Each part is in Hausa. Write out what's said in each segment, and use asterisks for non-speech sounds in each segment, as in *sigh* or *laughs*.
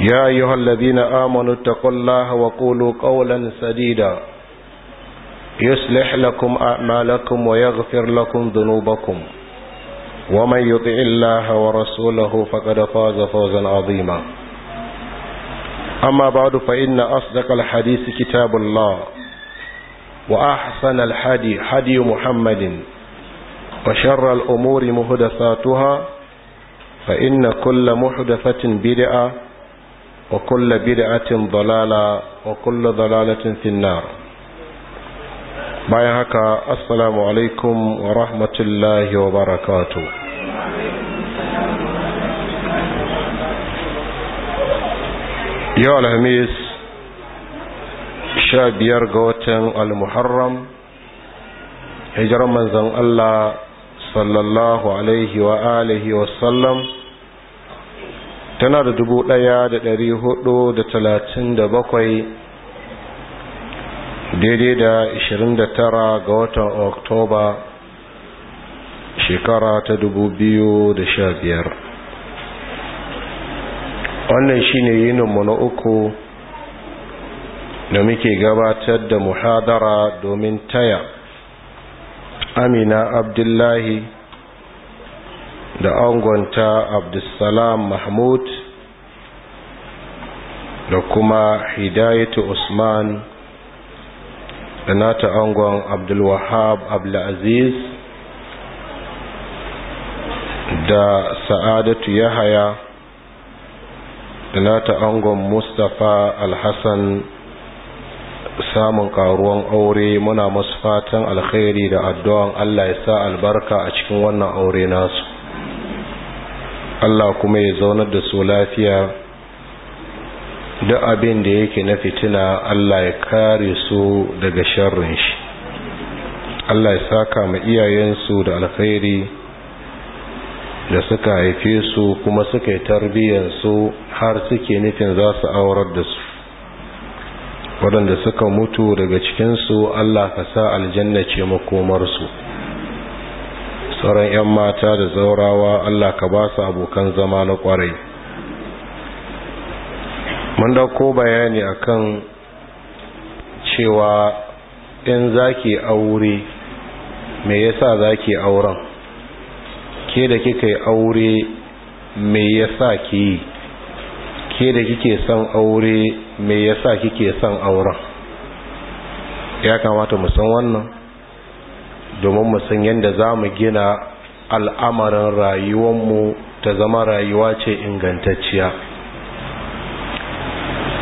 يا أيها الذين آمنوا اتقوا الله وقولوا قولا سديدا يصلح لكم أعمالكم ويغفر لكم ذنوبكم ومن يطع الله ورسوله فقد فاز فوزا عظيما أما بعد فإن أصدق الحديث كتاب الله وأحسن الحدي حدي محمد وشر الأمور مهدثاتها فإن كل محدثة بدعة وكل بدعة ضلالة وكل ضلالة في النار bayan haka assalamu alaikum wa rahmatullahi wa barakatu yau alhamis sha biyar ga watan almuharram hijirar manzan allah sallallahu alaihi wa alihi wasallam tana da dubu ɗaya da ɗari hudu da talatin da bakwai daidai da ishirin da tara ga watan oktoba shekara ta dubu biyu da sha biyar wannan shine yininmu na uku da muke gabatar da muhadara domin taya amina abdullahi da angonta abdulsalam mahmud da kuma hidayatu usman da nata angon abdulwahab abdulaziz da sa'adatu yahaya da nata angon mustapha alhassan samun karuwan aure muna masu fatan alkhairi da addu'an allah ya sa albarka a cikin wannan aure nasu Allah kuma ya zaunar da su lafiya da abin da yake na fitina Allah ya kare su daga sharrin shi Allah ya saka ma iyayensu da alkhairi da suka haife su kuma suka yi tarbiyyarsu har suke nufin za su aurar da su waɗanda suka mutu daga cikinsu Allah ka sa aljanna ce makomarsu sauran 'yan mata da zaurawa Allah ka ba su abokan zama na kwarai mun dauko bayani akan cewa in zaki aure me yasa zaki auren ke da kika yi aure me yasa ki ke da kike son aure me yasa kike son auren ya kamata mu san wannan domin mu san yadda za mu gina al'amarin rayuwanmu ta zama rayuwa ce ingantacciya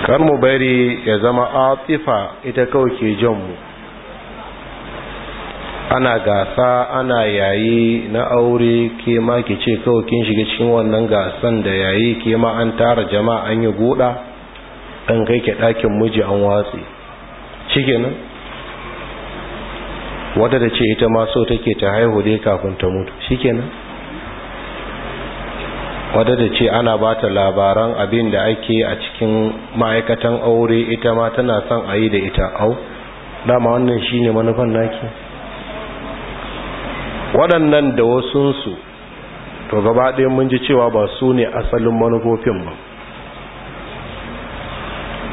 kar mu bari ya zama atifa ita kawai ke mu. ana gasa ana yayi na aure ke ma ke ce kawai kin shiga cikin wannan gasan da yayi ke ma an tara jama'a an yi guda an kai ke ɗakin miji an watsi cikin. nan wadda da ce ita ma so take ta haihu dai kafin ta mutu shikenan wadda da ce ana ba ta labaran abin da ake a cikin ma'aikatan aure ita ma tana son a yi da ita au dama wannan shine manufan naki waɗannan da wasunsu to gaba ɗaya mun ji cewa ba su ne asalin manufofin ba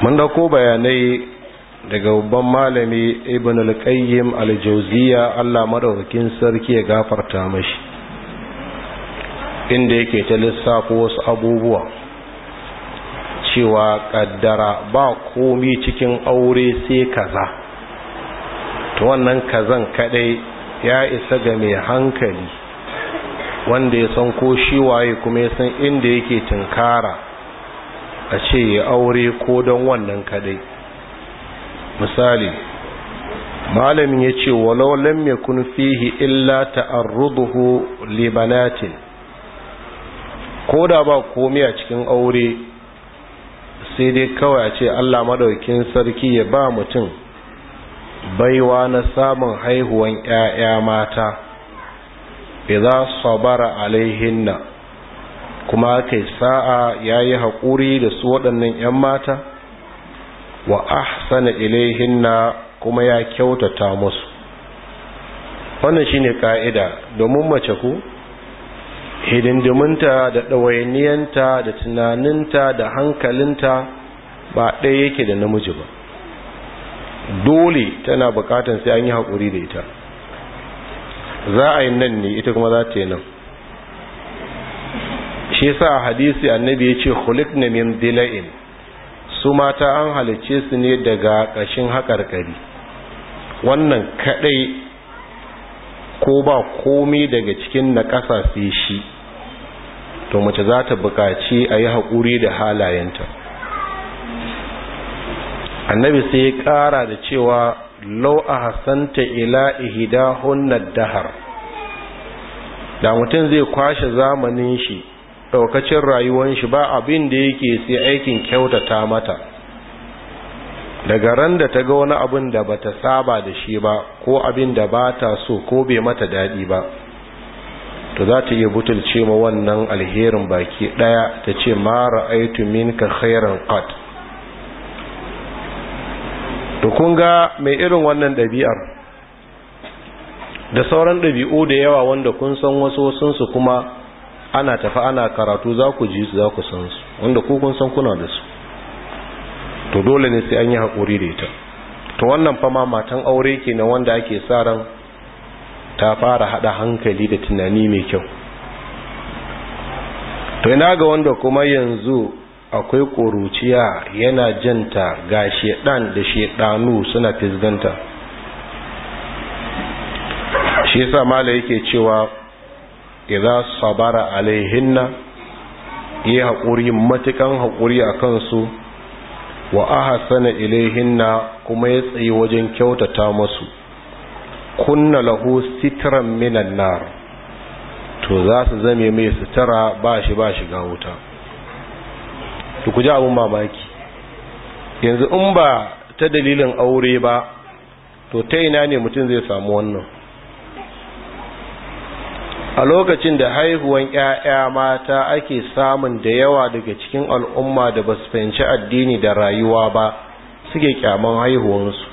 mun dauko bayanai daga babban malami ibn al-qayyim al-jawziya Allah madaukakin sarki ya gafarta mashi inda yake ta lissafo wasu abubuwa cewa kaddara ba komi cikin aure sai kaza to wannan kazan kadai ya isa ga mai hankali wanda ya san ko shi waye kuma ya san inda yake tunkara a ce ya aure ko don wannan kadai misali malamin ya ce walau lam yakun fihi illa ta'arruduhu li Ko da ba komai a cikin aure sai dai kawai a ce Allah madaukin sarki ya ba mutum baiwa na samun haihuwan 'ya'ya mata idza sabara alaihinna kuma kai sa'a yayi haƙuri da su waɗannan 'yan mata wa ahsana ilaihinna kuma ya kyautata musu wannan shine ka'ida domin mace ku hidindiminta da ɗawainiyanta da tunaninta da hankalinta ba ɗaya yake da namiji ba dole tana bukatan sai an yi haƙuri da ita za a yi nan ne ita kuma za ta yi nan shi sa hadisi annabi ya ce min dila'in su mata an halicce su ne daga ƙashin haƙarƙari wannan kaɗai ko ba komi daga cikin na ƙasa shi to mace za ta buƙaci a yi haƙuri da halayenta annabi sai ya ƙara da cewa lau a hasanta ila ihida hunnar dahar da mutum zai kwashe zamanin shi daukacin rayuwan shi ba abin da yake sai aikin kyautata mata daga ran da ta ga wani abin da bata saba da shi ba ko abin da ba ta so ko bai mata daɗi ba to za ta iya butulce ma wannan alherin baki ɗaya ta ce ma ra'aitu minka khairan qat to kun ga mai irin wannan ɗabi'ar da sauran ɗabi'u da yawa wanda kun san wasu sun su kuma ana tafi ana karatu za ku ji su za ku san su wanda ku kun san kuna da su to dole ne sai an yi haƙuri da ita to wannan fama matan aure ke na wanda ake sa ran ta fara haɗa hankali da tunani mai kyau to ina ga wanda kuma yanzu akwai ƙuruciya yana janta ga shedan da shedanu suna fisganta shi yasa mala yake cewa idza sabara alaihinna yi haƙuri matukan hakuri a kansu wa ahsana ilaihinna kuma ya tsayi wajen kyautata masu kunna lahu sitran minan nar to za su zame mai sitara ba shi ba shiga wuta to ku ji abun mamaki yanzu in ba ta dalilin aure ba to ta ina ne mutum zai samu wannan a lokacin da haihuwan ‘ya'ya mata ake samun da yawa daga cikin al'umma da ba su fahimci addini da rayuwa ba suke kyaman haihuwansu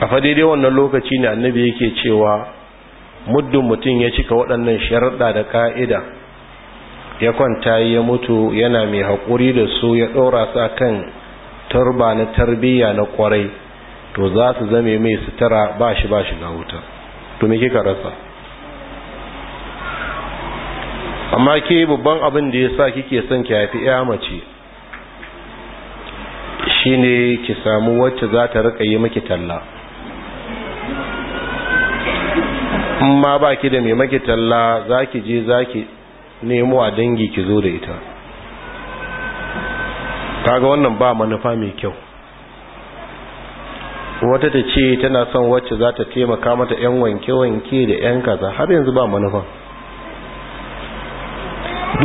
a fadaidai wannan lokaci ne annabi yake cewa muddin mutum ya cika waɗannan sharaɗa da ka'ida ya kwanta ya mutu yana mai haƙuri da su ya ɗora su kan turba na tarbiyya na ƙwarai to za su zame mai sutura ba shi ba shi na wuta to me kika rasa amma ke babban abin da ya sa kike son ki haifi ya mace shine ki samu wacce za ta rika yi maki talla in ma ba ki da mai maki talla za ki je za ki nemo a dangi ki zo da ita kaga wannan ba manufa mai kyau wata ta ce tana son wacce za ta taimaka mata 'yan wanke-wanke da 'yan kaza har yanzu ba manufa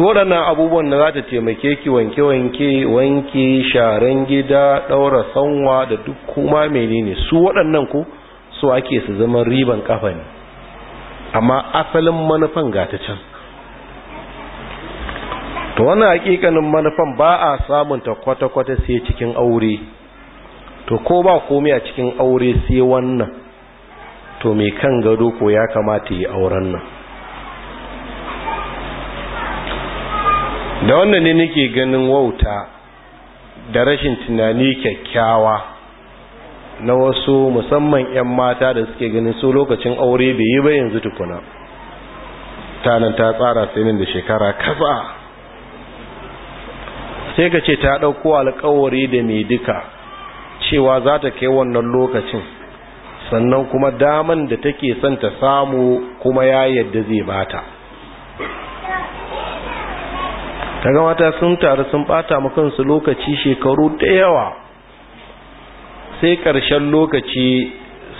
waɗannan abubuwan da za ta taimake ki wanke-wanke wanke sharan gida ɗaura sanwa da duk kuma menene su waɗannan ko su ake su zama riban kafa ne amma asalin manufan ga ta can to wannan hakikanin manufan ba a samun ta kwata-kwata sai cikin aure to ko ba komai a cikin aure sai wannan to mai kan gado ko ya kamata yi auren nan da wannan ne nake ganin wauta da rashin tunani kyakkyawa na wasu musamman 'yan mata da suke ganin su lokacin aure bai yi ba yanzu tukuna nan ta tsara sai nan da shekara kaza sai ka ce ta ɗauko alkawari da mai duka cewa za ta kai wannan lokacin sannan kuma daman da take son ta samu kuma ya yadda zai bata kaga mata sun taru sun bata mu kansu lokaci shekaru da yawa sai ƙarshen lokaci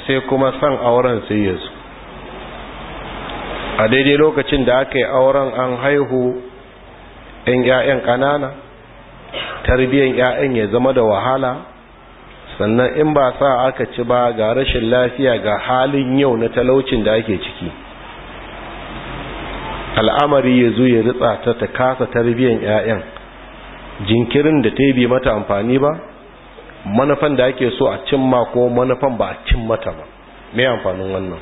sai kuma san auren sai ya a daidai lokacin da aka yi auren an haihu 'yan 'ya'yan ƙanana tarbiyyar 'ya'yan ya zama da wahala sannan in ba sa aka ci ba ga rashin lafiya ga halin yau na talaucin da ake ciki al'amari ya zo ya ritsa ta ta kasa tarbiyyar 'ya'yan jinkirin da ta yi mata amfani ba manufan da ake so a cin ma ko manufan ba a cin mata ba mai amfanin wannan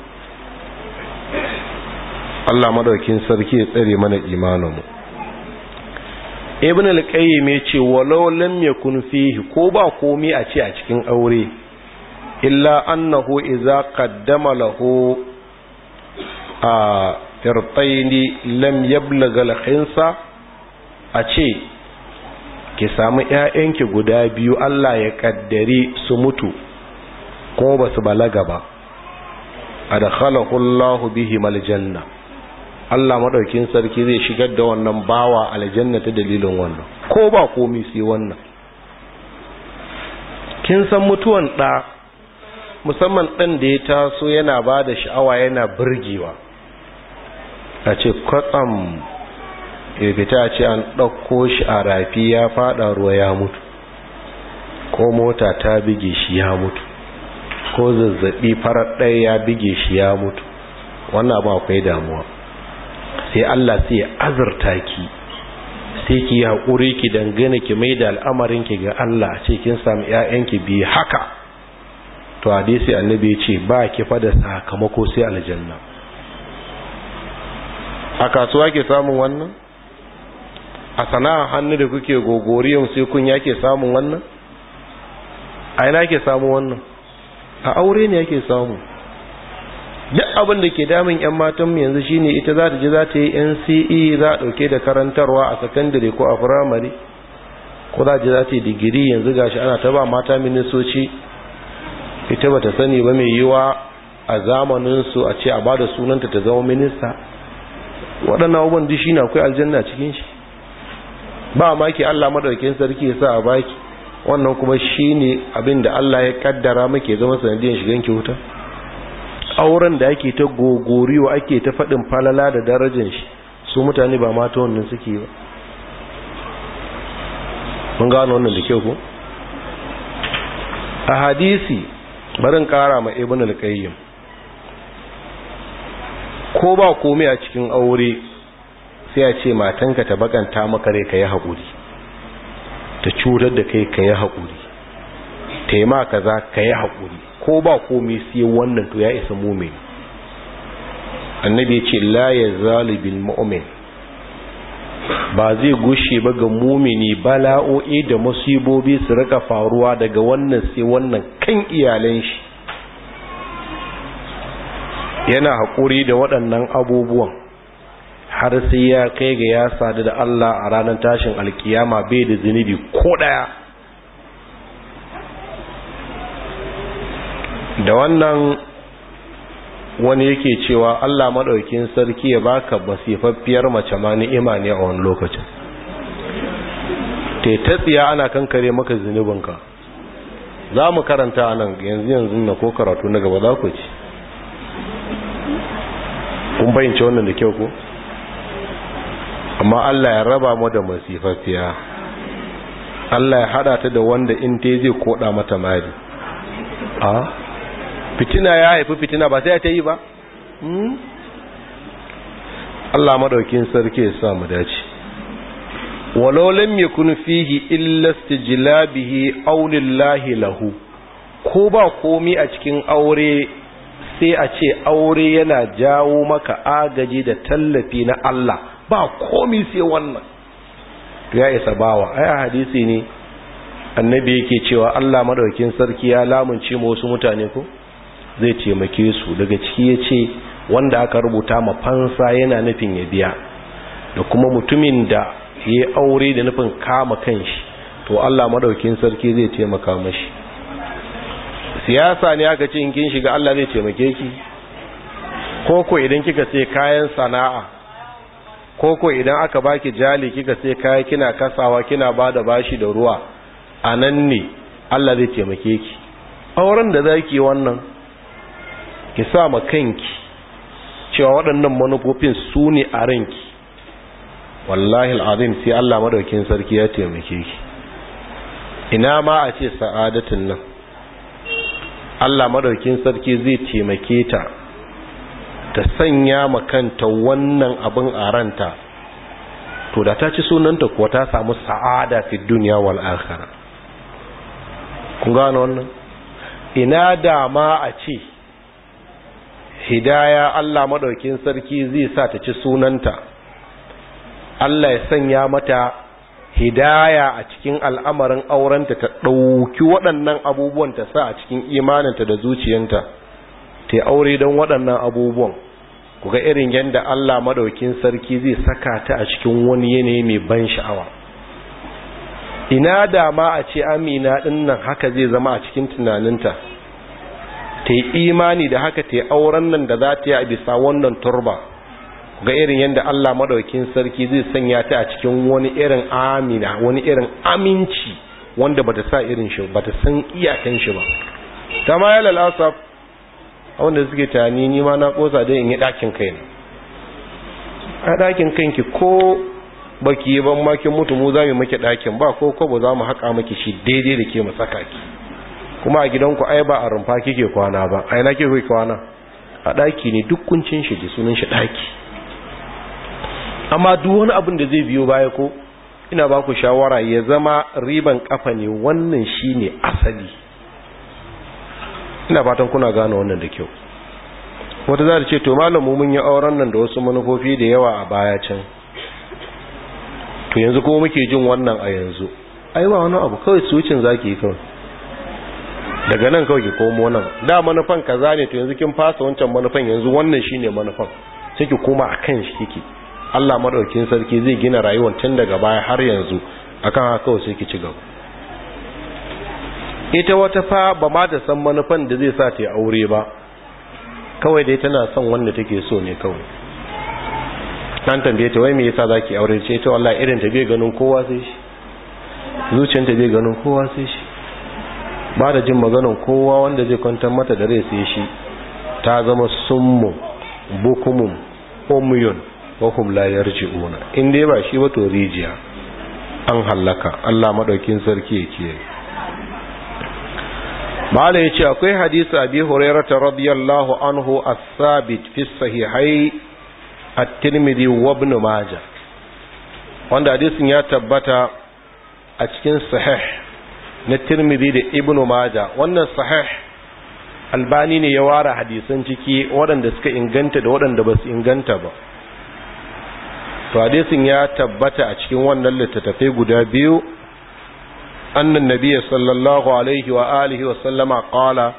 Allah madaukin sarki ya tsare mana imaninmu ibn al-qayyim ya ce walau lam yakun fihi ko ba komi a ce a cikin aure illa annahu iza qaddama lahu a firtaini lam yablagha al-khinsa a ce ki samu ƴaƴanki guda biyu Allah ya ƙaddari su mutu ko ba su balaga ba adkhalahu Allahu bihim al-janna Allah madaukin sarki zai shigar da wannan bawa aljanna ta dalilin wannan ko ba komai sai wannan kin san mutuwan da musamman ɗan da ya taso yana ba da sha'awa yana birgewa a ce kwatsam ya fita a ce an ɗauko shi a rafi ya faɗa ruwa ya mutu ko mota ta bige shi ya mutu ko zazzabi farar ɗaya ya bige shi ya mutu wannan abu akwai damuwa sai Allah sai ya azurta ki sai ki yi haƙuri ki dangane ki mai da al'amarin ki ga Allah ce kin samu ‘ya'yanki biyu haka to sai annabi ce ba ki fada sakamako sai aljanna a kasuwa ke samun wannan a sana'a hannu da kuke gogoriyon sai kun yake samun wannan a yana ke samu wannan a aure ne yake samu duk abin da ke damun yan matan yanzu shine ita za ta ji za ta yi NCE za a dauke da karantarwa a sakandare ko a firamare ko za ji za ta yi digiri yanzu gashi ana ta ba mata minisoci ita ba ta sani ba mai yiwa a zamaninsu a ce a bada sunanta ta zama minista waɗannan abubuwan duk shi na akwai aljanna cikin shi ba maki Allah madaukakin sarki ya sa a baki wannan kuma shi ne abin da Allah ya kaddara muke zama sanadiyar shigan ki wuta auren da ake ta gogoriwa ake ta faɗin falala da darajar shi su mutane ba mata wannan suke ba mun gano wannan da kyau ko a hadisi barin kara ma ibn al-qayyim ko ba komai a cikin aure sai a ce matanka ta bakanta maka rai ka yi haƙuri ta cutar da kai ka yi haƙuri ta yi maka kaza ka yi haƙuri ko ba komai sai wannan to ya isa mumin annabi ya ce laye zalibin mu'min ba zai gushe ba ga mumini bala'o'i da masibobi su rika faruwa daga wannan sai wannan kan iyalan shi yana haƙuri da waɗannan abubuwan har sai ya kai ga ya sadu da Allah a ranar tashin alkiyama bai da zunubi ko ɗaya da wannan wani yake cewa Allah maɗaukin sarki ya baka basifaffiyar mace ma ni'ima ne a wani lokacin te tsiya ana kankare maka zunubinka za mu karanta nan yanzu yanzu na ko karatu na gaba za ku ci kun bayyance wannan da kyau ko amma Allah ya raba mu da masifafiya Allah ya hada ta da wanda in ta zai koda mata mari a fitina ya haifi fitina ba sai ta yi ba hmm? Allah madaukin sarki ya sa mu dace walau lam yakun fihi illa istijlabihi aw lillahi lahu ko ba komi a cikin aure sai a ce aure yana jawo maka agaji da tallafi na Allah ba komai sai wannan ya isa bawa ai hadisi ne annabi yake cewa Allah madaukin sarki ya lamunce mu wasu mutane ko zai taimake su daga ciki yace wanda aka rubuta ma fansa yana nufin ya biya da kuma mutumin da yayi aure da nufin kama kanshi to Allah madaukin sarki zai taimaka mashi siyasa ne aka ce in kin shiga Allah zai taimake ki ko ko idan kika sai kayan sana'a ko ko idan aka baki jali kika sai kaya kina kasawa kina bada bashi da ruwa anan ne Allah zai taimake ki auren da zaki wannan ki sa ma kanki cewa waɗannan manufofin su ne a ranki wallahi al'azim sai Allah madaukin sarki ya taimake ki ina ma a ce sa'adatin nan Allah madaukin sarki zai taimake ta ta sanya makanta wannan abin a ranta to da ta ci sunanta kuwa ta samu sa'ada fi duniya wal akhirah kun ga wannan ina dama a ce hidaya Allah madaukin sarki zai sa ta ci sunanta Allah ya sanya mata hidaya a cikin al'amarin aurenta ta ɗauki waɗannan abubuwan ta sa a cikin imaninta da zuciyanta ta yi aure don waɗannan abubuwan ku ga irin yadda Allah maɗaukin sarki zai saka ta a cikin wani yanayi mai ban sha'awa ina da a ce amina ɗin nan haka zai zama a cikin tunaninta ta yi imani da haka ta yi auren nan da za ta yi a bisa wannan turba ga irin yadda Allah maɗaukin sarki zai sanya ta a cikin wani irin amina wani irin aminci wanda bata sa irin shi bata san iyakan shi ba kama ya lalasa wanda suke tani ni ma na kosa dai in yi ɗakin kai ne a ɗakin kanki ko baki ban ma mutu mu za maki ɗakin? ba ko ko ba za mu haka maki shi daidai da ke mu saka ki kuma a gidanku ai ba a rumfa kike kwana ba ai na kike kwana a ɗaki ne duk kuncin shi sunan shi ɗaki. amma duk wani abin da zai biyo baya ko ina ba ku shawara ya zama riban kafa ne wannan shine asali ina fatan kuna gane wannan da kyau wata za ta ce to mu mun yi auren nan da wasu manufofi da yawa a baya can to yanzu kuma muke jin wannan a yanzu ai ba wani abu kawai sucin zaki yi kawai daga nan kawai ki komo nan da manufan kaza ne to yanzu kin fasa wancan manufan yanzu wannan shine manufan sai ki koma akan shi kike Allah madaukin sarki zai gina rayuwar tun daga baya har yanzu akan haka sai ki ci gaba ita wata fa ba ma da san manufan da zai sa ta aure ba kawai dai tana son wanda take so ne kawai an tambaye ta wai me yasa zaki aure ce ita wallahi irin ta bai ganin kowa sai shi ta bai ganin kowa sai shi ba da jin maganin kowa wanda zai kwantar mata da rai sai shi ta zama summu bukumun omiyun wa hum la yarji'una in dai ba shi ba to rijiya an hallaka Allah madaukin sarki yake ya ce akwai hadisi abi hurairah radiyallahu anhu as-sabit fi sahihai at-tirmidhi wa ibn majah wanda hadisin ya tabbata a cikin sahih na tirmidhi da ibn majah wannan sahih albani ne ya ware hadisan ciki waɗanda suka inganta da waɗanda ba su inganta ba to hadisin ya tabbata a cikin wannan littattafai guda biyu annan nabiya sallallahu alaihi wa alihi wa sallama qala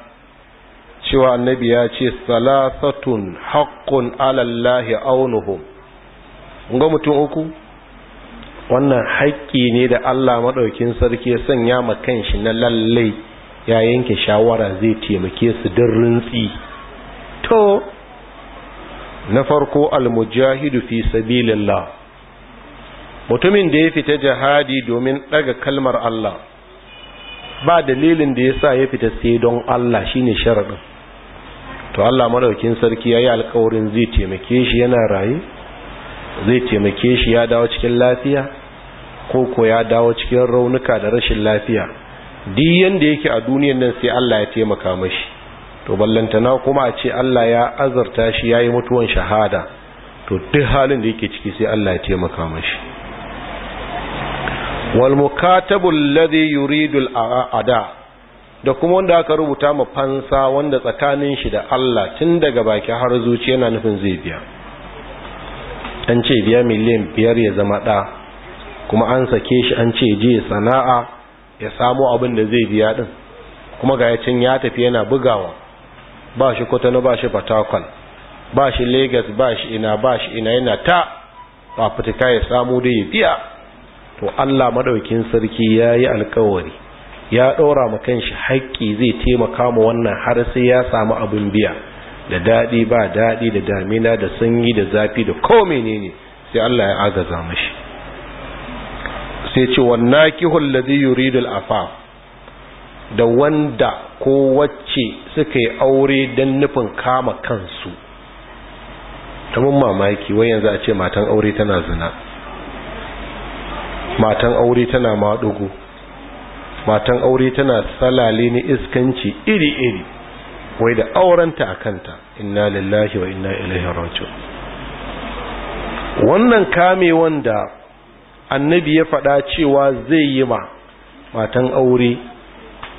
cewa annabi ya ce salasatun haqqun ala aunuhu. aunuhum ga mutum uku wannan haƙƙi ne da Allah maɗaukin sarki ya sanya ma kanshi na lallai ya yanke shawara zai taimake su don rintsi to na farko almujahidu fi sabilillah mutumin da ya fita jihadi domin daga kalmar Allah ba dalilin da yasa ya fita sai don Allah shine sharadin to Allah madaukin sarki yayi alƙawarin zai taimake shi yana raye zai taimake shi ya dawo cikin lafiya ko ko ya dawo cikin raunuka da rashin lafiya duk yanda yake a duniyar nan sai Allah ya taimaka mashi to ballantana kuma a ce Allah ya azarta shi yayi mutuwan shahada to duk halin da yake ciki sai Allah ya taimaka mashi wal mukatabu alladhi yuridu al da kuma wanda aka rubuta ma fansa wanda tsakanin shi da Allah tun daga baki har zuci yana nufin zai biya an ce biya miliyan biyar ya zama da kuma an sake shi an ce je sana'a ya samo abin da zai biya din kuma ga ya tafi yana bugawa ba shi kwatano ba shi fatakwal ba shi lagos ba shi ina ba shi ina yana ta fafutuka ya samu da ya biya to allah madaukin sarki ya yi alkawari ya ɗora ma kanshi haƙƙi zai taimaka ma wannan har sai ya samu abin biya da daɗi ba daɗi da damina da sanyi da zafi da ko menene sai allah ya agaza mashi sai ce wannan ki ladhi yuridul afaf da wanda ko wacce suka yi aure don nufin kama kansu tamun mamaki wayan yanzu a ce matan aure tana zina matan aure tana maɗugu matan aure tana salale ne iskanci iri-iri wai da aurenta a kanta inna lillahi wa inna ilaihi raji'un wannan kame wanda annabi ya faɗa cewa zai yi ma matan aure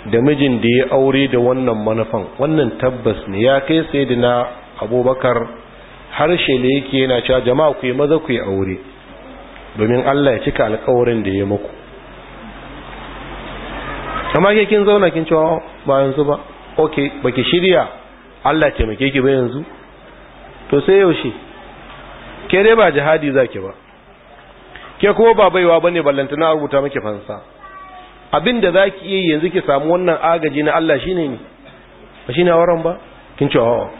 da mijin da ya aure da wannan manufan wannan tabbas ne ya kai sai da na abubakar harshe ne yake yana cewa jama'a ku yi maza ku yi aure domin allah ya cika alkawarin da ya muku amma ke kin zauna kin cewa ba yanzu ba ok baki shirya allah taimake ki ba yanzu to sai yaushe ke dai ba jihadi zaki ba ke kuma ba baiwa bane ballantana rubuta miki fansa abin da zaki ki iya yanzu ki samu wannan agaji na Allah shi ne ne ba shi ne auren ba kin ce hawa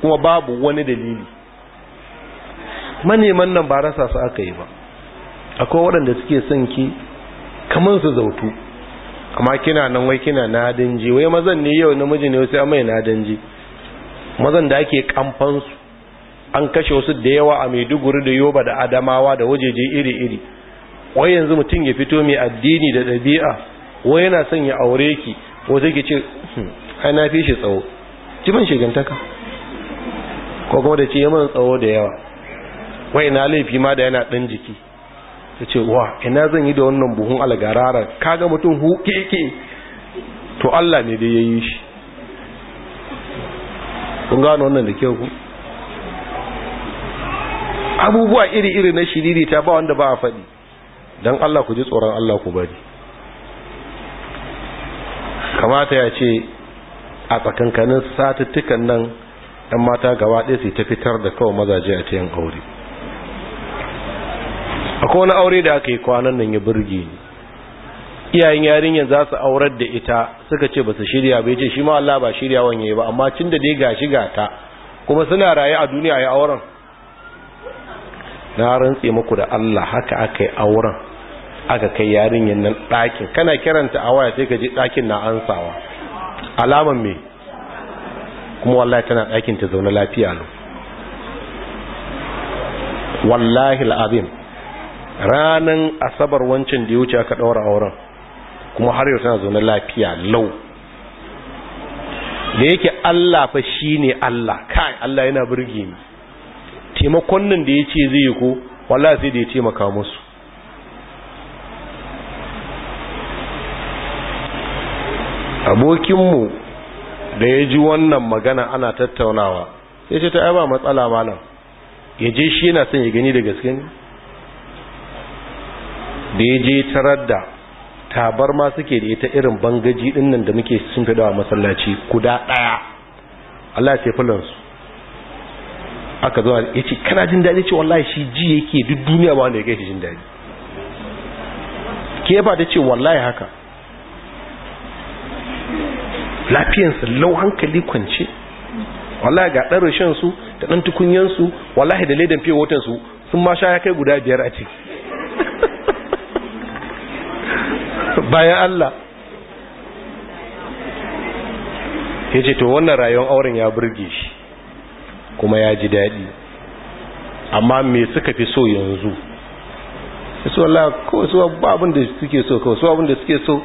kuma babu wani dalili maneman nan ba rasa su aka yi ba akwai waɗanda suke son ki kamar su zautu amma kina nan wai kina nadin ji wai mazan ne yau namiji ne sai amai nadin ji mazan da ake kamfansu an kashe wasu da yawa a Maiduguri da Yoba da Adamawa da wajeje iri-iri wai yanzu mutum ya fito mai addini da ɗabi'a wai yana son ya aure ki wai ke ce hmm, ai na fi shi tsawo man shigantaka ko kuma da ce yaman tsawo da yawa wai na laifi ma da yana ɗan jiki ta ce wa ina zan yi da wannan buhun algarara kaga mutum hu keke to Allah ne da ya yi shi kun gano wannan da kyau ku abubuwa iri-iri na shiriri ta ba wanda ba a faɗi don Allah ku ji tsoron Allah ku bari kamata ya ce a tsakankanin satuttukan nan ɗan mata gaba ɗaya su ta fitar da kawai mazaje a cikin aure akwai wani aure da aka yi kwanan nan ya burge ni iyayen yarinyar za su aurar da ita suka ce ba su shirya ya ce shi ma Allah ba shirya wanye ba amma cin da dai gashi gata kuma suna raye a duniya ya auren na rantse muku da Allah haka aka yi auren aka kai yarinyar nan ɗakin kana kiranta a waya sai ka ji ɗakin na ansawa alaman me kuma wallahi tana ɗakin ta zaune lafiya lau wallahi al'azim ranan asabar wancan da ya wuce aka ɗaura auren kuma har yau tana zaune lafiya lau da yake Allah fa shi ne Allah kai Allah yana burge ni taimakon nan da ya ce zai yi ko wallahi sai da ya taimaka musu abokinmu da ya ji wannan magana ana tattaunawa ya ce ta ba matsala malam ya je shi yana son ya gani da gaske ne da ya je tarar da tabar ma suke da ita irin bangaji dinnan da muke sun fi dawa masallaci guda ɗaya Allah ya ce lansu aka zo ya ce kana jin daɗi ce wallahi shi ji yake duk duniya ba wanda ya gaishe jin daɗi ke ba da ce wallahi haka Lafiyan lau hankali kwance wallahi ga ɗan rashin su da ɗan tukunyansu su wallahi da ledan fiye watan sun ma sha ya kai guda biyar a ciki *laughs* bayan Allah ya ce to wannan rayuwar auren ya burge shi kuma ya ji daɗi amma me suka fi so yanzu su Allah kawai su abin da suke so kawai su abin da suke so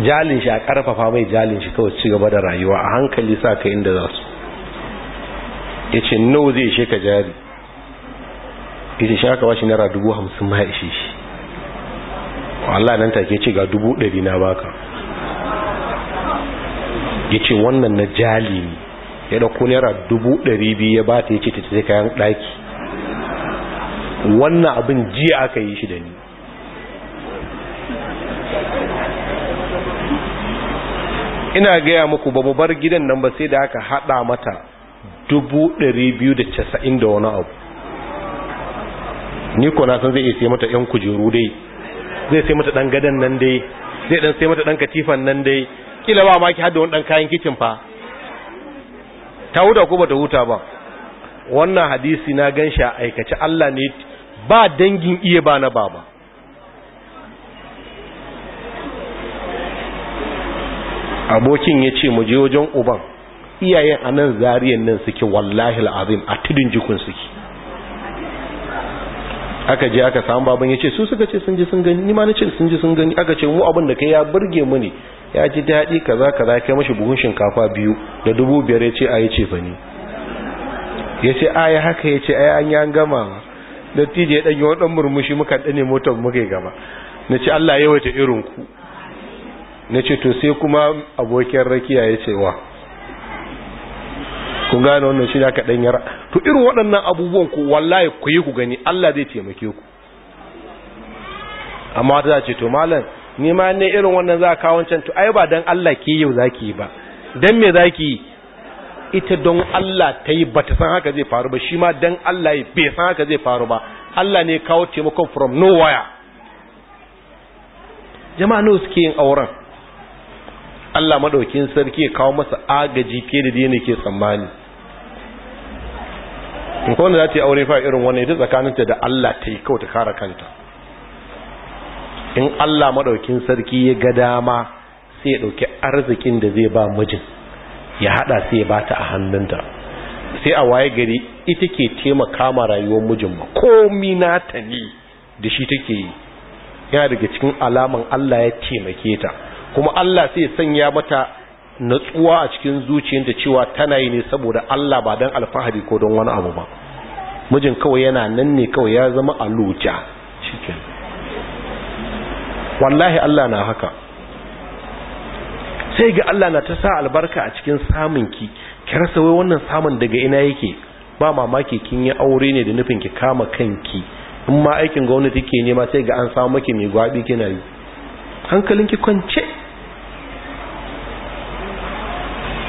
jalin shi a karfafa mai jalin shi kawai ci gaba da rayuwa a hankali sa ka inda za su ya ce nau zai ishe ka jari ya ce shaka ba shi nara dubu hamsin ma ishe shi Allah nan take ce ga dubu ɗari na baka ya ce wannan na jali ne ya ɗauko nara dubu ɗari biyu ya ba ta ya ce ta kayan ɗaki wannan abin jiya aka yi shi da ni ina gaya muku ba mu bar gidan nan ba sai da aka hada mata dubu ɗari biyu da wani abu ni ko na san zai sai mata yan kujeru dai zai sai mata dan gadan nan dai zai dan sai mata dan katifan nan dai kila ba ma ki hada wani dan kayan kicin fa ta huta ko bata huta ba wannan hadisi na ganshi a aikace Allah ne ba dangin iya ba na baba abokin ya ce mu je wajen uban iyayen a nan zariyan nan suke wallahi al'azim a tudun jikun suke aka je aka samu baban ya ce su suka ce sun ji sun gani ni ma na ce sun ji sun gani aka ce mu abin da kai ya burge mu ne ya ji daɗi kaza kaza kai mashi buhun shinkafa biyu da dubu biyar ya ce a yi ce ni. ya ce a ya haka ya ce a an yi an gama da tije ya ɗanyi waɗan murmushi muka ɗane motar muka yi gaba na ce allah yawaita irin ku na ce to sai kuma abokin rakiya ya cewa ku gane wannan shi da ka yara to irin waɗannan abubuwan ku wallahi ku yi ku gani Allah zai taimake ku amma ta ce to malam ni ma ne irin wannan za ka wancan to ai ba dan Allah ke yau zaki ba dan me yi? ita don Allah ta yi bata san haka zai faru ba shi ma dan Allah ya bai san haka zai faru ba Allah ne kawo taimakon from nowhere jama'a nawa suke yin auren Allah maɗaukin sarki ya kawo masa agaji fiye da dina ke tsammani in kawai za ta yi aure fa irin wannan ita tsakaninta da Allah ta yi kawo ta kara kanta in Allah maɗaukin sarki ya ga dama sai ya ɗauki arzikin da zai ba mijin ya hada sai ya bata a hannunta sai a waye gari ita ke taimaka ma rayuwar mijin ma komi nata ne da shi take yi yana daga cikin alaman Allah ya taimake ta kuma Allah sai sanya mata natsuwa a cikin zuciyarta cewa tana yi ne saboda Allah ba dan alfahari ko don wani abu ba mijin kawai yana nan ne kawai ya zama aluja cikin wallahi Allah na haka sai ga Allah na ta sa albarka a cikin samun ki ki rasa wai wannan samun daga ina yake ba mamaki kin yi aure ne da nufin ki kama kanki in ma aikin gwamnati ke nema sai ga an samu maki mai gwabi kina yi ki kwance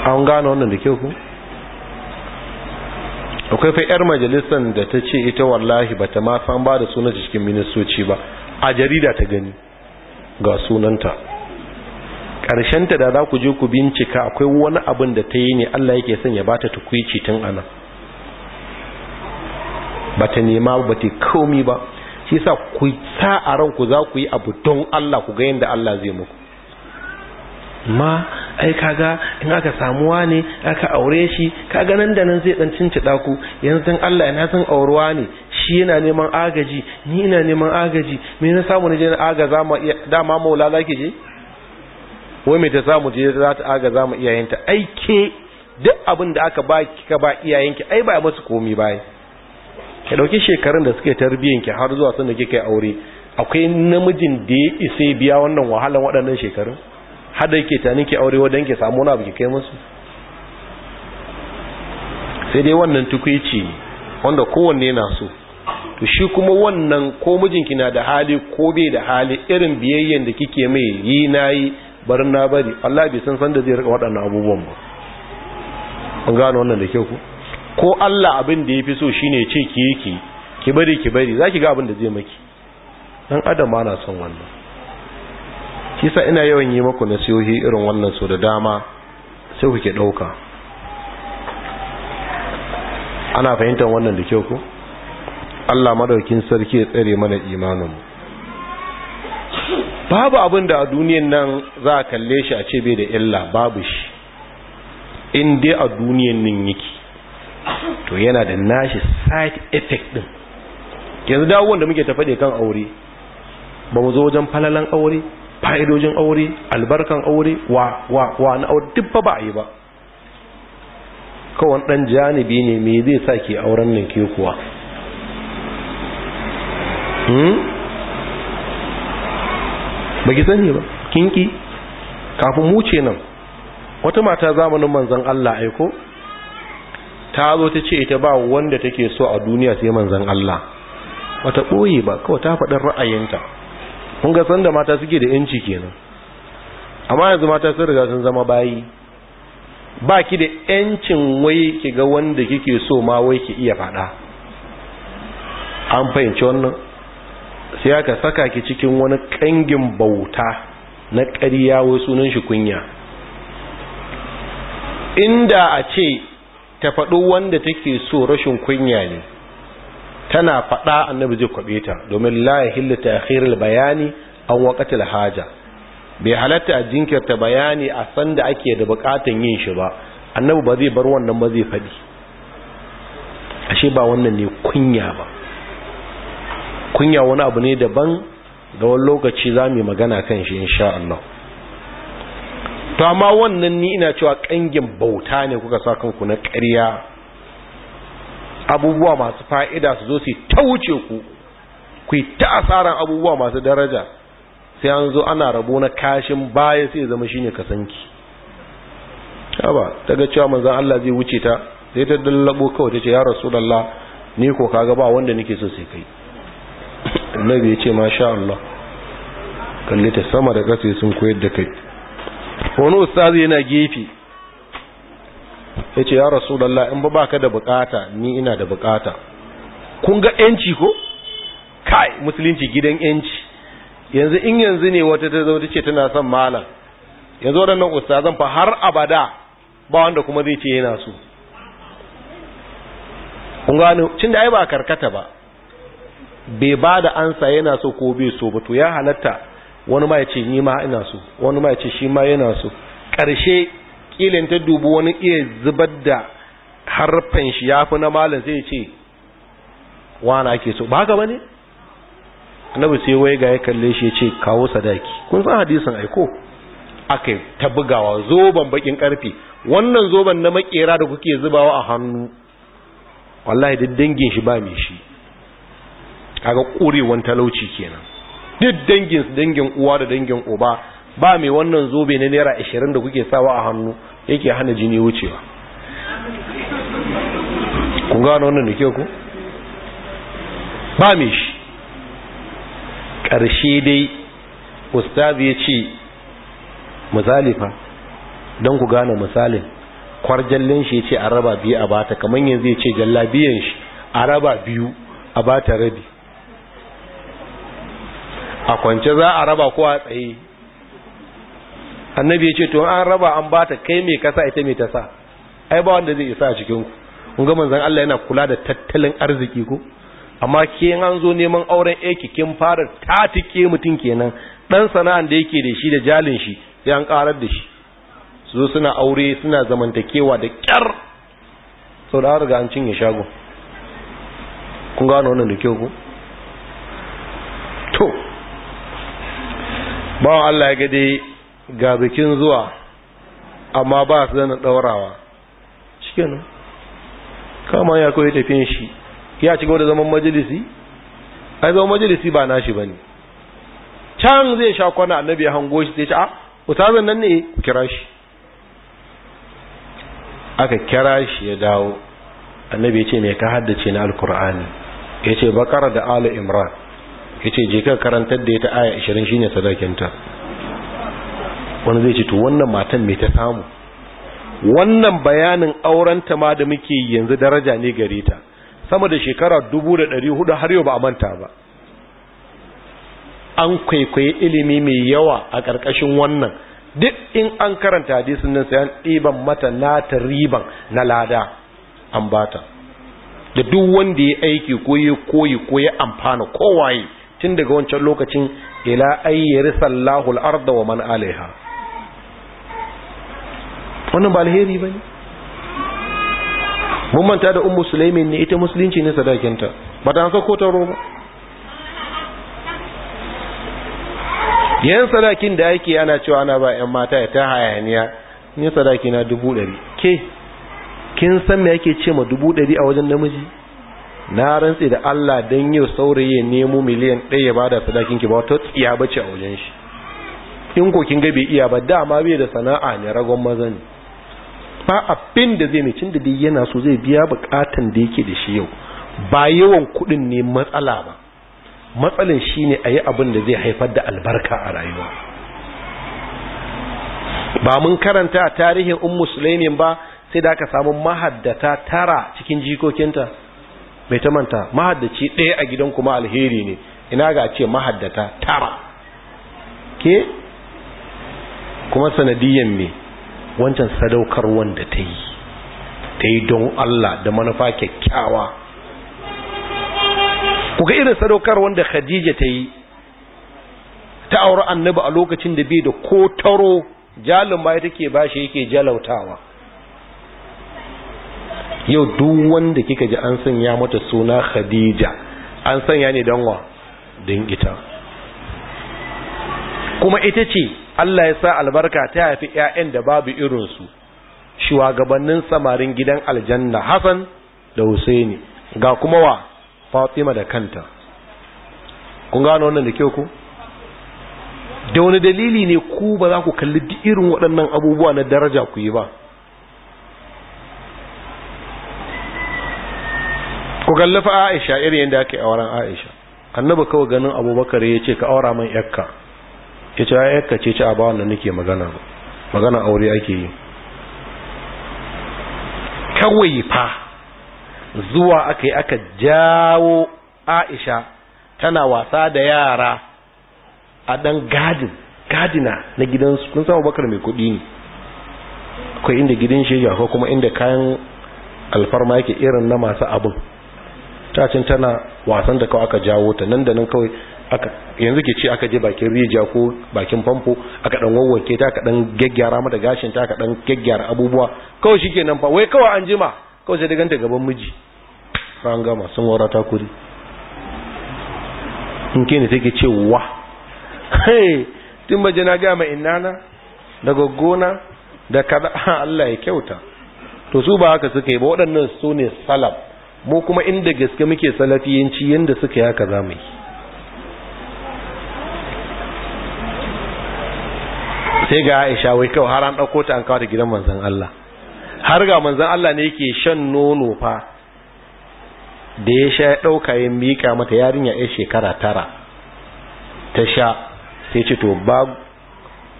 an gane wannan da kyau ku akwai fa yar majalisar da ta ce ita wallahi bata ma san ba da sunan cikin ministoci ba a jarida ta gani ga sunanta ta da za ku je ku bincika akwai wani abin da ta yi ne Allah yake son ya ta tukuici tun ana ta nema ba bata komi ba shi sa ku sa a ranku za ku yi abu don Allah ku ga yadda Allah zai muku ma ai kaga in aka samuwa ne aka aure shi kaga nan da nan zai dan cinci daku yanzu dan Allah ina san aurewa ne shi yana neman agaji ni ina neman agaji me na samu ne je na aga da ma maula zaki je wai me ta samu je za ta za mu iyayenta ai ke duk abin da aka ba kika ba iyayenki ai ba musu komi bai ki dauki shekarun da suke tarbiyyanki har zuwa sun da kike aure akwai namijin da ya isa biya wannan wahalan waɗannan shekarun hada yake ta ki aure wa ki samu wani abu ki kai musu sai dai wannan tukuici wanda kowanne yana so to shi kuma wannan ko mijinki na da hali ko bai da hali irin biyayyen da kike mai yi nayi barin na bari Allah bai san san da zai rika waɗannan abubuwan ba an gano wannan da kyau ku ko Allah abin da ya fi so shine ce ki yi ki ki bari ki bari zaki ga abin da zai maki dan adam ana son wannan Kisa ina yawan yi maku nasihohi irin wannan so da dama sai kuke ɗauka ana fahimtar wannan da kyau ku Allah madaukin sarki ya tsare mana imanin mu babu abin da a duniyan nan za a kalle shi a ce bai da illa babu shi in dai a duniyan nan yake to yana da nashi side effect din yanzu dawowar da muke tafade kan aure ba mu zo wajen falalan aure fa'idojin aure albarkan aure wa wa wa na aure duk ba a yi ba kawai dan janibi ne me zai sa ke auren nan ke kuwa hmm ba ki sani ba kinki kafin mu ce nan wata mata zamanin manzon Allah aiko ta zo ta ce ita ba wanda take so a duniya sai manzon Allah wata ɓoye ba kawai ta faɗin ra'ayinta kun ga sanda mata suke da yanci kenan amma yanzu mata sun riga sun zama bayi ba ki da yancin wai ki ga wanda kike so ma wai ki iya faɗa an fahimci wannan sai aka saka ki cikin wani kangin bauta na ƙarya wai sunan shi kunya inda a ce ta faɗo wanda take so rashin kunya ne tana faɗa annabi zai kwaɓe ta domin la yahillu ta'khirul bayani an waqatil haja bai halatta a jinkirta bayani a san da ake da bukatan yin shi ba annabi ba zai bar wannan ba zai faɗi ashe ba wannan ne kunya ba kunya wani abu ne daban da wani lokaci za mu magana kan shi insha Allah to amma wannan ni ina cewa kangin bauta ne kuka sa kanku na ƙarya abubuwa masu fa'ida su zo su ta wuce ku ku ta asaran abubuwa masu daraja sai an zo ana rabu na kashin baya sai zama shi ne kasanki ba ga cewa manzan Allah zai wuce ta sai ta dallabo kawai ta ce ya rasu rasulullah ni ko ka ba wanda nake so sai kai annabi ya ce masha Allah kalli ta sama da kasa sun koyar da kai wani ustazi yana gefe ya ce ya rasulallah in ba baka da bukata ni ina da bukata kun ga yanci ko kai musulunci gidan yanci yanzu in yanzu ne wata ta zo ce tana son malam yanzu waɗannan ustazan fa har abada ba wanda kuma zai ce yana so kun gano cin da ai ba karkata ba bai ba da ansa yana so ko bai so ba to ya halatta wani ma ya ce ni ma ina so wani ma ya ce shi ma yana so ƙarshe kilin ta dubu wani iya zubar da harfan shi ya fi na malin sai ce wana ake so ba ga ba annabi sai wai ga ya kalle shi ya ce kawo sadaki kun san hadisin aiko aka ta bugawa zoban bakin karfe wannan zoban na makera da kuke zubawa a hannu wallahi duk dangin shi ba mai shi kaga kurewan talauci kenan duk dangin dangin uwa da dangin uba ba mai wannan zobe na naira ashirin da kuke sawa a hannu yake hana jini wucewa kun gano wannan da ku ba mai shi ƙarshe dai ustazi ya ce misali don ku gane misalin kwarjallin shi ya ce a raba biyu a bata kamar yanzu ya ce jallabiyan shi a raba biyu a bata rabi a kwance za a raba ko a tsaye annabi ya ce to an raba an bata kai mai kasa ita mai tasa ai ba wanda zai isa a cikin ku kun ga manzon Allah yana kula da tattalin arziki ko amma ke an zo neman auren aiki kin fara ta tatike mutum kenan dan sana'an da yake da shi da jalin shi sai an karar da shi su zo suna aure suna zamantakewa da kyar sau da riga an cinye shago kun ga wannan da kyau ku to ba Allah ya ga ga bikin zuwa amma ba su zana ɗaurawa cikin kama ya koyi tafiyan shi ya ci da zaman majalisi a zaman majalisi ba nashi ba ne can zai sha kwana annabi ya hango shi sai ce a ah, utazan nan ne ku kira shi aka kira shi ya dawo annabi ya ce mai ka haddace na alkur'ani ya ce bakara da ala imran ya ce je ka karantar da ya ta aya 20 shine sadakinta wani zai ce to wannan matan me ta samu wannan bayanin aurenta ma da muke yanzu daraja ne gare ta sama da shekara hudu, har yau ba a manta ba an kwaikwaye ilimi mai yawa a ƙarƙashin wannan duk in an karanta hadisin nan sai an ɗiban mata ta riban na lada an bata da duk wanda ya aiki ko ya koyi ko ya amfana kowaye tun daga wancan lokacin ila ayyari sallahu al'arda wa man alaiha wannan ba alheri ba ne mun manta da ummu sulaimin ne ita musulunci ne sadakinta ba ta hansa ko taro ba yan sadakin da ake ana cewa ana ba yan mata ya ta hayaniya ne sadaki na dubu dari. ke kin san me ake ce ma dubu dari a wajen namiji na rantse da Allah don yau saurayi nemo miliyan ɗaya ba da sadakin ki ba wata tsiya bace a wajen shi in ko kin ga bai iya ba dama bai da sana'a ne ragon maza ne ba abin da zai mai cin da dai yana so zai biya bukatan da yake da shi yau ba yawan kudin ne matsala ba matsalin shine a yi abin da zai haifar da albarka a rayuwa ba mun karanta a tarihin un musulmin ba sai da aka samu mahaddata tara cikin jikokinta mai ta manta mahaddaci ɗaya a gidan kuma alheri ne ina ga ce mahaddata tara ke kuma sanadiyan me wancan sadaukar wanda ta yi ta yi don Allah da manufa kyakkyawa kuka irin sadaukar wanda khadija ta yi ta auri annabi a lokacin da bai da ko taro jalin ta take bashi yake jalautawa yau duk wanda kika ji an sanya mata suna khadija an sanya ne don wa don ita kuma ita ce Allah ya sa albarka ta haifi ƴaƴan da babu irinsu shugabannin samarin gidan aljanna Hassan da Husaini ga kuma wa Fatima da kanta kun gano wannan da kyau ku da wani dalili ne ku ba za ku kalli duk irin waɗannan abubuwa na daraja ku yi ba ku kallafa Aisha irin yadda ake auren Aisha annabi kawai ganin Abubakar ya ce ka aura man yakka ya ce ya ce ci a ba wannan nake magana magana aure ake yi kawai fa zuwa aka yi aka jawo aisha tana wasa da yara a dan gadin gadina na gidansu kun samu bakar mai kudi ne akwai inda gidan shi ko kuma inda kayan alfarma yake irin na masu abin tacin tana wasan da kawai aka jawo ta nan da nan kawai haka yanzu ke ce aka je bakin rija ko bakin famfo aka dan wawwanke ta aka dan gaggyara mata gashin ta aka dan gaggyara abubuwa kawai shi kenan fa wai kawai an jima kawai sai da ganta gaban miji fa an gama sun wara ta kuri in ke ne take ce wa hey tun baje na ga inana innana da goggona da kada *laughs* Allah ya kyauta to su ba haka suka yi ba waɗannan su ne salaf mu kuma inda gaske muke salafiyanci yanda suka yi haka zamu yi sai ga aisha wai kawai har an ɗauko ta an kawo ta gidan manzan Allah har ga manzan Allah ne yake shan nono fa da ya sha ya ɗauka ya miƙa mata yarinya ya shekara tara ta sha sai ce to ba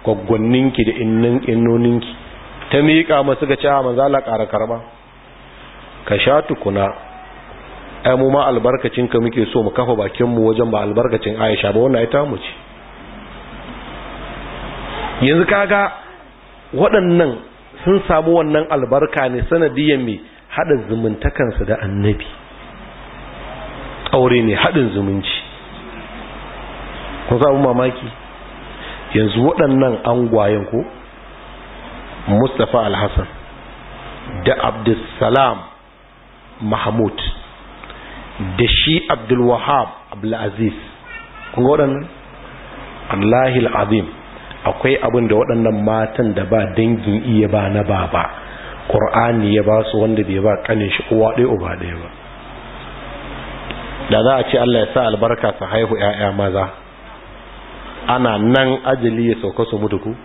gwaggwanninki da innoninki ta miƙa masu suka cewa ah, manzan Allah ƙara karɓa ka sha tukuna ai mu ma albarkacin ka muke so mu kafa bakin mu wajen ba albarkacin Aisha ba wannan ita mu ce yanzu kaga waɗannan sun samu wannan albarka ne sanadiyan mai haɗa zumuntakansu da annabi aure ne haɗin zumunci kun samu mamaki yanzu waɗannan gwayen ko mustapha alhassan da abdulsalam mahmud da shi abdulwahab abdulaziz kun waɗannan allahil azim akwai abin da waɗannan matan da ba dangin iya ba na baba ƙur'ani ya ba su wanda bai ba kanin shi uwa ɗaya uba ɗaya ba da za a ce Allah ya sa albarka su haihu ‘ya'ya maza ana nan ajali ya sauka su mutu ku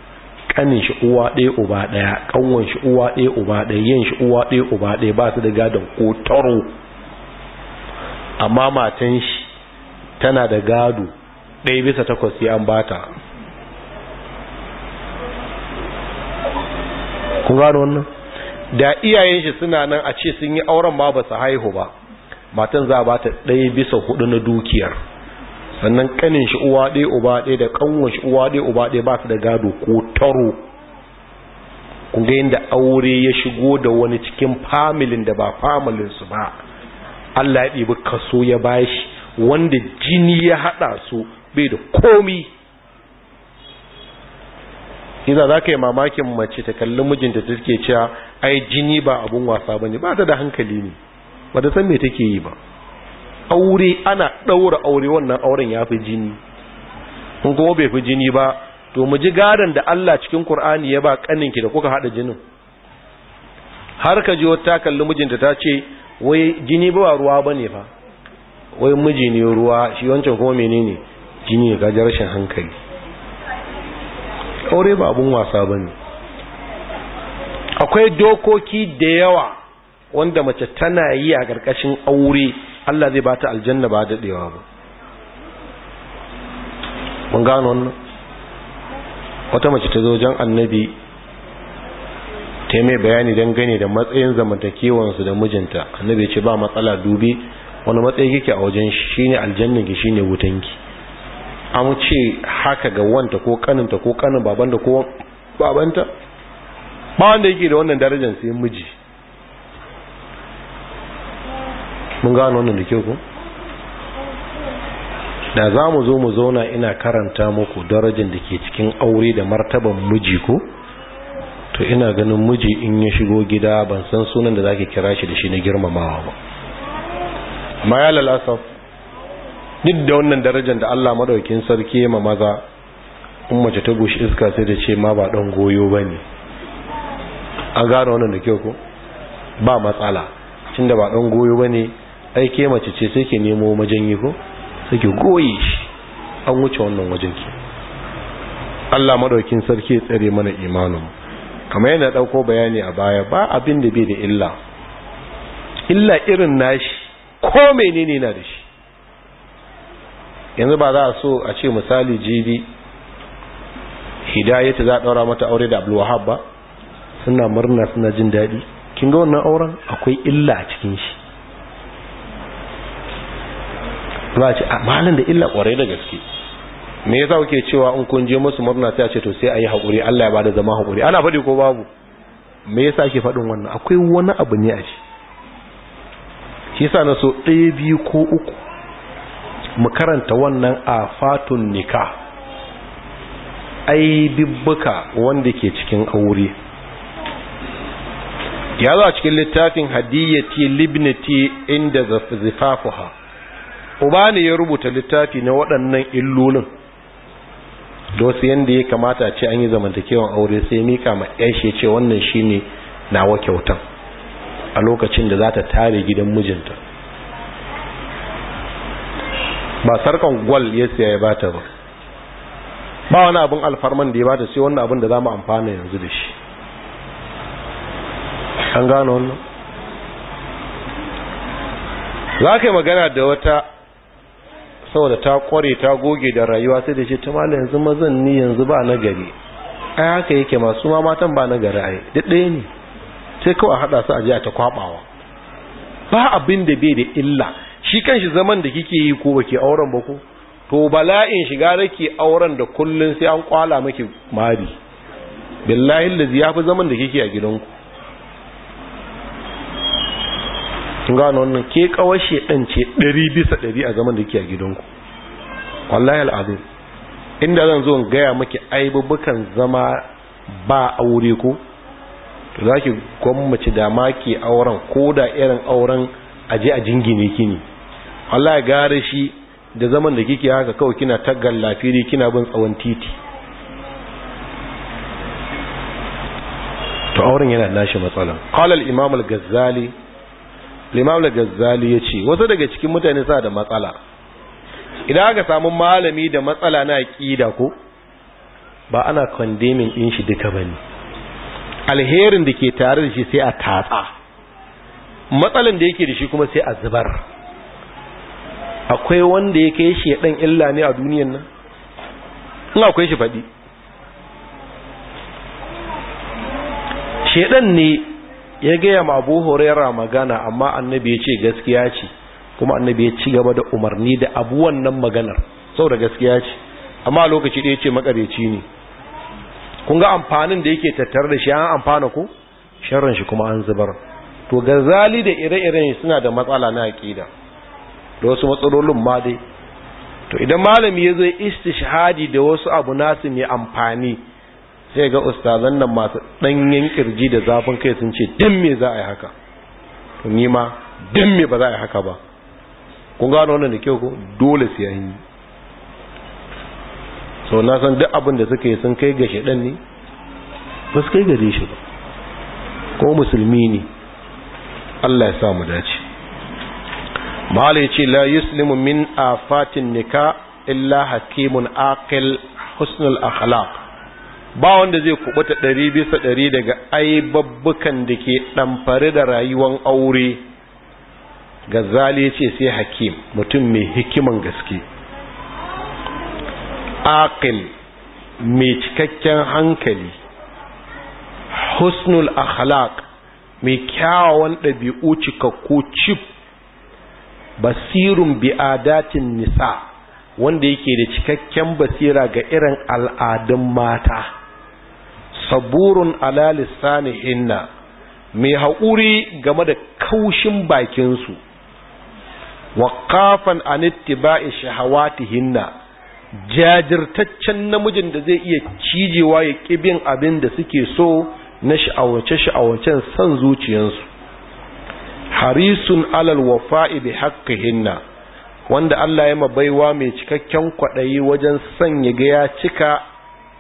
kanin shi uwa ɗaya uba ɗaya ƙanwan shi uwa ɗaya uba ɗaya yin shi uwa ɗaya uba ɗaya ba su da gadon ko amma matan shi tana da gado ɗaya bisa takwas sai an bata ku gano wannan da iyayen shi suna nan a ce sun yi auren ma ba su haihu ba matan za ba ta ɗaya bisa hudu na dukiyar sannan kanin shi uwa ɗaya uba ɗaya da kanwon shi uwa ɗaya uba ɗaya ba su da gado ko taro kun ga yadda aure ya shigo da wani cikin familin da ba familin su ba Allah ya ɗibi kaso ya bashi wanda jini ya haɗa su bai da komi iza za ka yi mamakin mace ta kalli mijinta ta suke cewa ai jini ba abun wasa ba ne ba ta da hankali ne ba ta san me take yi ba aure ana ɗaura aure wannan auren ya fi jini kun kuma bai fi jini ba to mu ji gadon da Allah cikin Kur'ani ya ba kanin ki da kuka hada jinin har ka ji wata kalli mijinta ta ce wai jini ba ruwa bane fa wai miji ne ruwa shi wancan kuma menene jini ga rashin hankali aure ba abun wasa ba ne akwai dokoki da yawa wanda mace tana yi a ƙarƙashin aure Allah zai ba ta aljanna ba daɗewa ba mun gano wannan wata mace ta zo jan annabi ta mai bayani dangane da matsayin zamantakewansu da mijinta annabi ce ba matsala dubi wani matsayi kike a wajen shi shine aljannan ki shine wutanki an ce haka ga wanta ko kaninta ko kanin babanta ko babanta ba wanda yake da wannan darajar sai miji mun gano wannan da kyau ko da za mu zo mu zauna ina karanta muku darajar da ke cikin aure da martaban miji ko to ina ganin miji in ya shigo gida ban san sunan da zaki kira shi da shi na girmamawa ba ma ya lalasaf duk da wannan darajar da Allah madaukin sarki ma maza in mace ta gushi iska sai da ce ma ba dan goyo bane an gano wannan da kyau ko ba matsala da ba dan goyo bane ai ke mace ce sai ke nemo majanyi ko sai ke goyi. shi an wuce wannan wajen ki Allah madaukin sarki ya tsare mana imanin kamar yana ɗauko bayani a baya ba abin da bai da illa illa irin nashi ko menene na da shi yanzu ba za a so a ce misali jibi hidayatu za a daura mata aure da abdulwahab ba suna murna suna jin daɗi kin ga wannan auren akwai illa a cikin shi ba a ce a ah, malin da illa kware da gaske me yasa kuke cewa in kun je musu murna sai a ce to sai a yi haƙuri Allah ya bada zama haƙuri ana faɗi ko babu me yasa ke faɗin wannan akwai wani abu ne a shi shi sa na so ɗaya biyu ko uku mu karanta wannan a afatun ai aibibbuka wanda ke cikin aure ya zo a cikin littafin hadiyyati libnati inda zifafuha uba ne ya rubuta littafi na waɗannan illolin dosu yadda ya kamata ce an yi zamantakewan aure sai mika ma yashe ce wannan shine nawa kyautan a lokacin da za ta tare gidan mijinta ba sarkan gwal ya siya ya bata ba ba wani abin alfarman da ya bata sai wani abin da za mu amfana yanzu da shi an gano wannan za ka yi magana da wata saboda ta kware ta goge da rayuwa sai da shi ta mala yanzu mazan ni yanzu ba na gari ai haka yake masu ma matan ba na gari a yi ɗaya ne sai kawai haɗa su a jiya a ta kwaɓawa ba abin da bai da illa shi kan shi zaman da kike yi ko baki auren ba ko to bala'in shiga rake auren da kullun sai an kwala miki mari billahi lazi yafi zaman da kike a gidanku kun ga wannan ke kawashe dan ce 100 bisa 100 a zaman da kike a gidanku wallahi al'azim inda zan zo in gaya maki aibubukan zama ba aure ko to zaki gwammace da ma ke auren ko da irin auren aje a jingine kini Allah ya gare shi da zaman da kike haka kawai kina taggar lafiri kina bin tsawon titi to auren yana nashi matsala qala al imam al ghazali al imam al ghazali yace wasu daga cikin mutane sa da matsala idan aka samu malami da matsala na aqida ko ba ana condemning din shi duka bane alherin da ke tare da shi sai a tatsa matsalan da yake da shi kuma sai a zubar akwai wanda ya kai shi illa ne a duniyan nan in akwai shi faɗi shedan ne ya gaya ma abu horera magana amma annabi ya ce gaskiya ce kuma annabi ya ci gaba da umarni da abu wannan maganar saboda gaskiya ce amma lokaci da ya ce makareci ne kun ga amfanin da yake tattar da shi an amfana ku sharran shi kuma an zubar to gazali da ire-iren suna da matsala na aƙida da wasu matsalolin ma dai to idan malami ya zo istishhadi da wasu abu nasu mai amfani sai ga ustazan nan masu ɗanyen kirji da zafin kai sun ce dan me za a yi haka to ni ma me ba za a yi haka ba kun gano wannan da kyau ko dole su yi yi so na san duk abin da suka yi sun kai ga shaɗan ne ba su kai gare shi ba ko musulmi ne Allah ya sa mu dace mahala yace la yuslimu min afatin nika illa hakimun aqil husnul akhlaq ba wanda zai kubuta ɗari bisa ɗari daga aibabbukan da ke ɗamfari da rayuwan aure Gazali zali ce sai hakim mutum mai hikiman gaske aqil mai cikakken hankali husnul akhlaq mai kyawawan ɗabi'u cikakku cif basirun bi adatin nisa wanda yake da cikakken basira ga irin al'adun mata saburun ala lisani inna mai haƙuri game da kaushin bakinsu waƙafan an ittiba'i hinna, jajirtaccen namijin da zai iya cijewa ya ƙibin abin da suke so na sha'awace-sha'awacen son zuciyansu harisun alal wafa'i bi hinna wanda Allah ya mabaiwa mai cikakken kwaɗayi wajen sanya gaya cika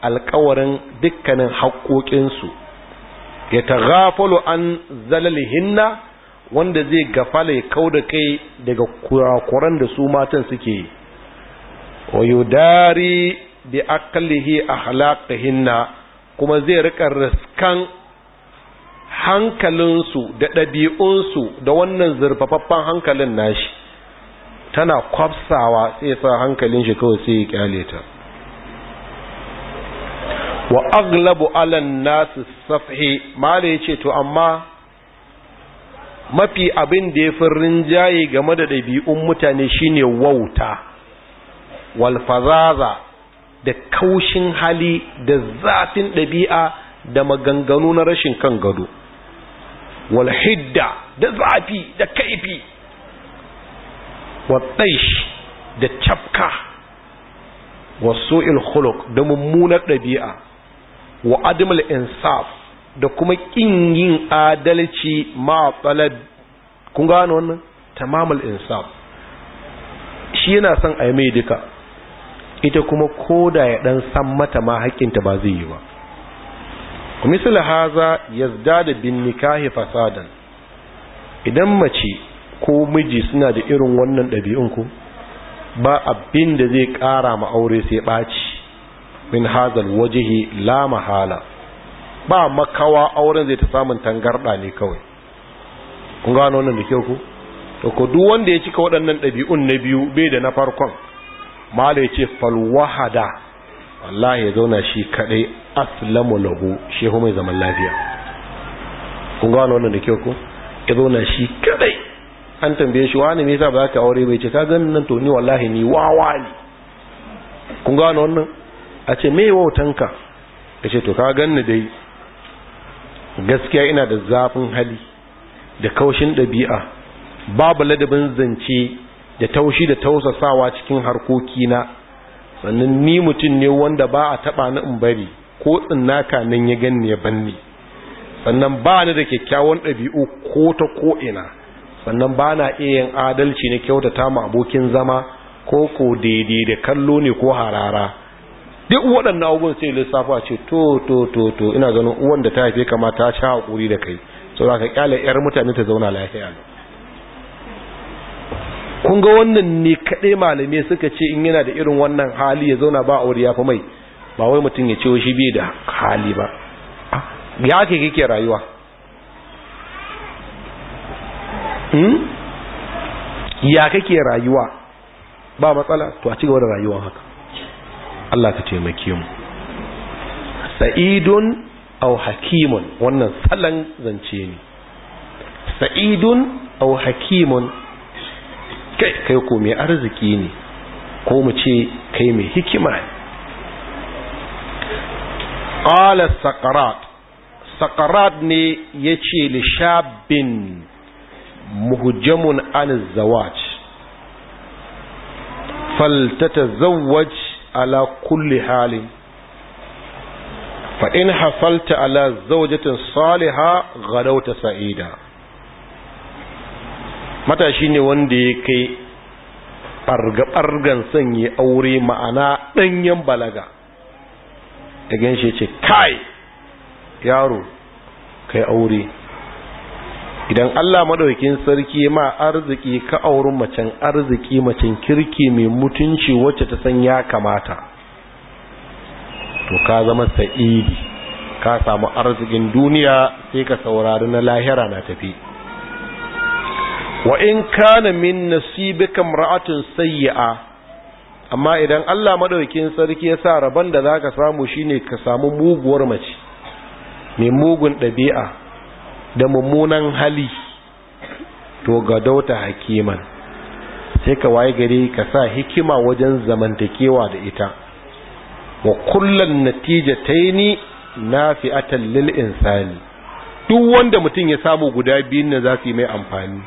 alkawarin dukkanin haƙoƙinsu ya gafalo an zalalihinna wanda zai gafala ya da kai daga kurakuran da su matan suke yi wa dari bi aqlihi hinna kuma zai riƙa raskan. hankalinsu da ɗabi'unsu da wannan zurfafaffen hankalin nashi tana kwafsawa sai sa hankalin shi kawai sai ya kyale ta wa aglabu alan nasu safhe mala ya ce to amma mafi abin da ya fi rinjaye game da ɗabi'un mutane shine wauta walfazaza da kaushin hali da zafin ɗabi'a da maganganu na rashin kan gado Walhidda, da zafi da kaifi wattaish da cafka wasu khuluq da mummunar ɗabi'a wa insaf da kuma ƙin adalci ma tsalad kun gano wannan tamamul insaf shi yana son a yi mai duka ita kuma koda ya ɗan san mata ma haƙƙinta ba zai yi ba kumisul haza da bin nikahi fasadan idan mace ko miji suna da irin wannan ɗabi'un ku ba abin da zai ƙara ma aure sai ɓaci min hazal wajihi la mahala ba makawa auren zai ta samun tangarɗa ne kawai kun gano wannan da kyau ku to ko duk wanda ya cika waɗannan ɗabi'un na biyu bai da na farkon mala ya ce falwahada wallahi ya zauna shi kaɗai aslamu lahu shi mai zaman lafiya kun gano wannan da kyau ko ya na shi kadai an tambaye shi wani me yasa ba ka aure bai ce ka ga nan to ni wallahi ni wawa ne kun gano wannan a ce me wautanka ya ce to ka ganni dai gaskiya ina da zafin hali da kaushin ɗabi'a babu ladabin zance da taushi da tausasawa cikin harkokina sannan ni mutum ne wanda ba a taɓa ni in bari ko tsinnaka nan ya ganni ya banni sannan ba ni da kyakkyawan ɗabi'u ko ta ko'ina sannan ba na iya yin adalci na kyautata ma abokin zama ko ko daidai da kallo ne ko harara duk waɗannan abubuwan sai lissafa ce to to to to ina ganin uwan da ta haife kama ta sha haƙuri da kai sau da ka ƙyale 'yar mutane ta zauna lafiya kun ga wannan ne kaɗai malamai suka ce in yana da irin wannan hali ya zauna ba aure ya fi mai ba wai mutum ya ce shi bai da hali ba ya ake kike rayuwa hmm? ya kake rayuwa ba matsala to a cigaba da rayuwa haka Allah ka taimake mu sa'idun aw hakimun wannan salan zance ne sa'idun aw hakimun kai kai ko mai arziki ne ko mu ce kai mai hikima ne qala saqarat saqarat ne yace li shabin muhjamun an zawaj faltatazawwaj ala kulli halin fa in hasalta ala zawjatin salihah gadauta sa'ida matashi ne wanda ya kai ɓarga-ɓargan sanye aure ma'ana ɗanyen balaga ya gan shi ce kai yaro kai aure idan Allah madaukin sarki ma arziki ka auren macen arziki macen kirki mai mutunci wacce ta san ya kamata to ka zama sa'idi ka samu arzikin duniya sai ka saurari na lahira na tafi wa in kana min nasibika imra'atun sayyi'a amma idan Allah maɗaukin sarki ya sa rabon da za ka samu shine ka samu muguwar mace mai mugun ɗabi'a da mummunan hali to ga dauta hakiman sai ka waye gare ka sa hikima wajen zamantakewa da ita wa kullun natijataini nafi'atan lil insani duk wanda mutum ya samu guda biyun na za su yi mai amfani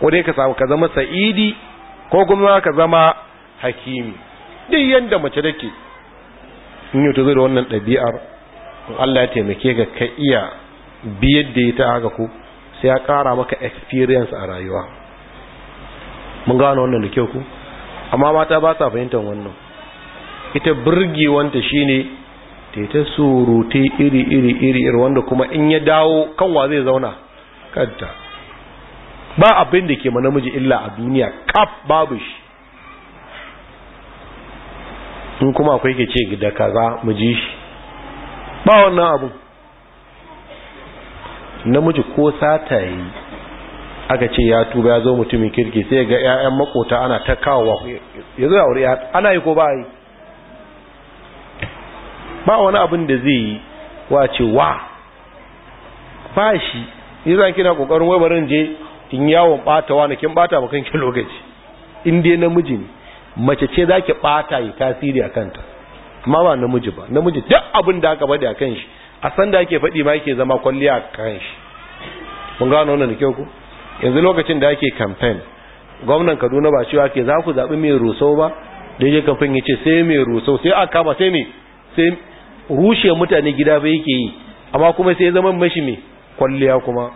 ko dai ka samu ka zama sa'idi ko kuma ka zama hakimi duk yanda mace take in yi tazo da wannan ɗabi'ar in Allah ya taimake ga ka iya biyar da ita haka ko sai ya ƙara maka experience a rayuwa mun gano wannan da kyau ku amma mata ba sa fahimtar wannan ita birgewanta shine ta ta surute iri iri iri iri wanda kuma in ya dawo kanwa zai zauna kanta ba abin da ke ma namiji illa a duniya kaf babu shi in kuma akwai ke ce da kaza mu ji shi ba wannan abu namiji ko sata yi aka ce ya tuba ya zo mutumin kirki sai ga 'ya'yan makota ana ta kawo ya zo ya wuri ana yi ko ba yi ba wani abin da zai yi wace wa ba shi yi za kina kokarin wai barin je in yawon bata wani kin bata bakan kin lokaci in dai namiji ne mace ce za ki ɓata yi tasiri a kanta ma ba namiji ba namiji duk abin da aka bada a kan shi a san da ake faɗi ma yake zama kwalliya a kan shi mun gano wannan da kyau ku yanzu lokacin da ake campaign gwamnan kaduna ba cewa ke za ku zaɓi mai rusau ba da yake kafin ya ce sai mai rusau sai aka kama sai mai sai rushe mutane gida ba yake yi amma kuma sai zama mashi mai kwalliya kuma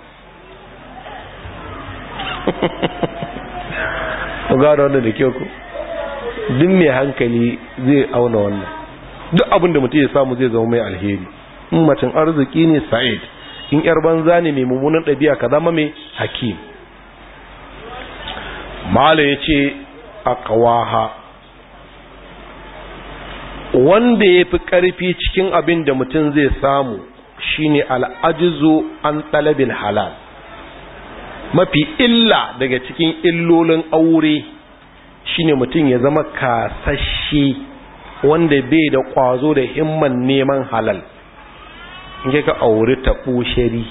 *laughs* mun gano wannan da kyau ku duk mai hankali zai auna wannan duk abin da mutum ya samu zai zama mai alheri in macin arziki ne sa'id in yar banza ne mai mummunan ɗabi'a ka zama mai hakim mala ya ce a kawaha wanda ya fi ƙarfi cikin abin da mutum zai samu shine al'ajizu an ɗalabin halal mafi illa daga cikin illolin aure shine mutum ya zama kasashe wanda bai da kwazo da himman neman halal in ka auri taɓo shari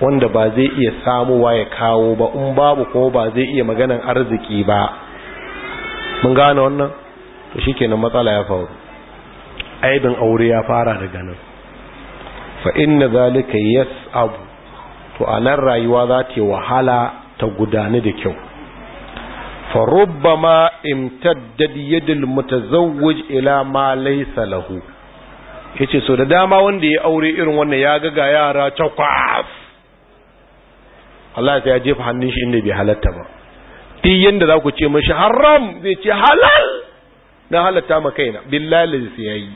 wanda ba zai iya samuwa ya kawo ba in babu ko ba zai iya maganan arziki ba mun gane wannan to shi kenan matsala ya faru aibin aure ya fara daga nan fa inna zalika abu. to anan rayuwa za ta wahala ta gudane da kyau فربما امتدد يد المتزوج الى ma ليس له yace so da dama wanda ya aure irin wannan ya ga ga yara takwas Allah ya jefa hannun shi inda bai halatta ba ti yanda za ku ce mashi haram zai ce halal na halatta ma kaina billahi sai yayi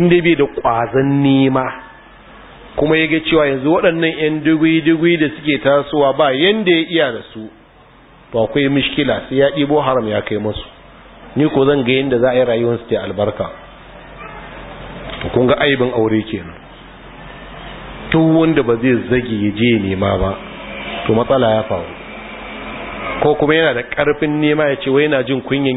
inda bai da kwazan nema kuma yage cewa yanzu waɗannan yan dugui dugui da suke tasowa ba yanda ya iya da su to akwai mishkila sai ya ɗibo haram ya kai musu ni ko zan ga yadda za a yi rayuwarsu ta albarka kun ga aibin aure kenan tun wanda ba zai zage ya je nema ba to matsala ya faru ko kuma yana da ƙarfin nema ya ce wai yana jin kunyan